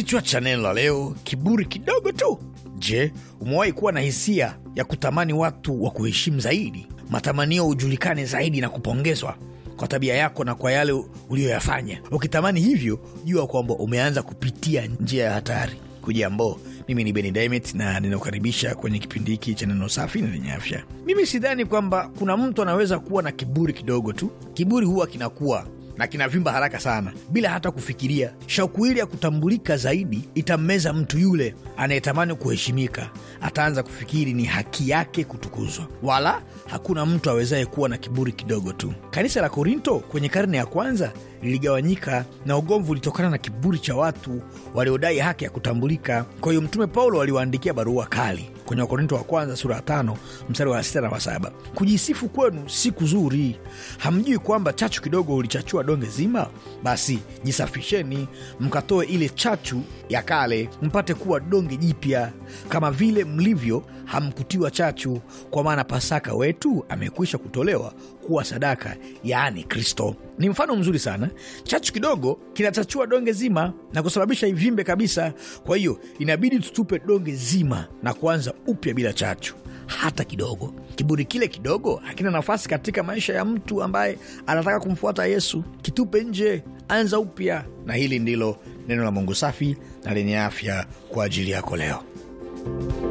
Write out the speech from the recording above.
Kichwa cha neno la leo: kiburi kidogo tu. Je, umewahi kuwa na hisia ya kutamani watu wa kuheshimu zaidi, matamanio ujulikane zaidi na kupongezwa kwa tabia yako na kwa yale uliyoyafanya? Ukitamani hivyo, jua kwamba umeanza kupitia njia ya hatari. Hujambo, mimi ni Beni damit na ninakukaribisha kwenye kipindi hiki cha neno safi na lenye afya. Mimi sidhani kwamba kuna mtu anaweza kuwa na kiburi kidogo tu. Kiburi huwa kinakuwa na kinavimba haraka sana bila hata kufikiria. Shauku ile ya kutambulika zaidi itammeza mtu. Yule anayetamani kuheshimika ataanza kufikiri ni haki yake kutukuzwa, wala hakuna mtu awezaye kuwa na kiburi kidogo tu. Kanisa la Korinto kwenye karne ya kwanza liligawanyika na ugomvi ulitokana na kiburi cha watu waliodai haki ya kutambulika. Kwa hiyo Mtume Paulo aliwaandikia barua kali kwenye Wakorinto wa kwanza sura ya tano mstari wa sita na wa saba. Kujisifu kwenu si kuzuri. Hamjui kwamba chachu kidogo ulichachua donge zima? Basi jisafisheni, mkatoe ile chachu ya kale, mpate kuwa donge jipya, kama vile mlivyo hamkutiwa chachu. Kwa maana Pasaka wetu amekwisha kutolewa, kuwa sadaka, yaani Kristo. Ni mfano mzuri sana. Chachu kidogo kinatachua donge zima na kusababisha ivimbe kabisa. Kwa hiyo inabidi tutupe donge zima na kuanza upya bila chachu hata kidogo. Kiburi kile kidogo hakina nafasi katika maisha ya mtu ambaye anataka kumfuata Yesu. Kitupe nje, anza upya. Na hili ndilo neno la Mungu safi na lenye afya kwa ajili yako leo.